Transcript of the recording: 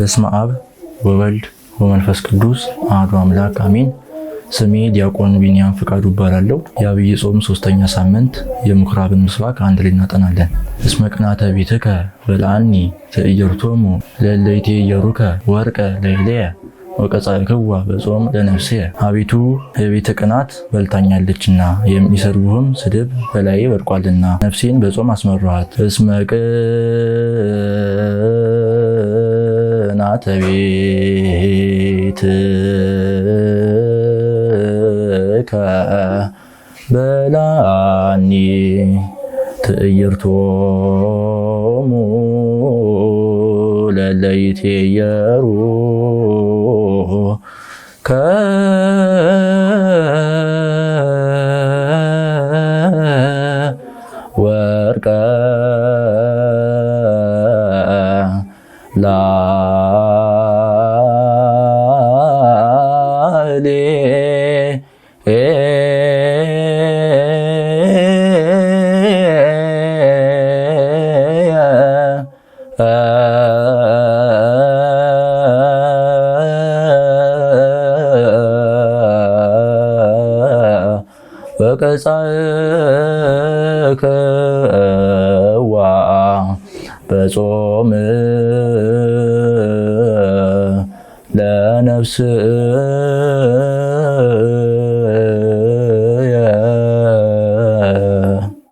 በስመ አብ ወወልድ ወመንፈስ ቅዱስ አሐዱ አምላክ አሜን። ስሜ ዲያቆን ቢንያም ፍቃዱ እባላለሁ። የአብይ ጾም ሶስተኛ ሳምንት የምኩራብን ምስባክ አንድ ላይ እናጠናለን። እስመ ቅናተ ቤትከ በልዓኒ ተእየርቶሙ ለለይቴ የሩከ ወርቀ ለይለየ ወቀጻእክዋ በጾም ለነፍስየ። አቤቱ የቤተ ቅናት በልታኛለችና የሚሰድቡህም ስድብ በላዬ ወድቋልና ነፍሴን በጾም አስመራኋት። እስመ ትቤትከ በላኒ ትዕይርቶሙ ለለይቴየሩ ከወርቀ 拉列，布格萨克。በጾም ለነፍስ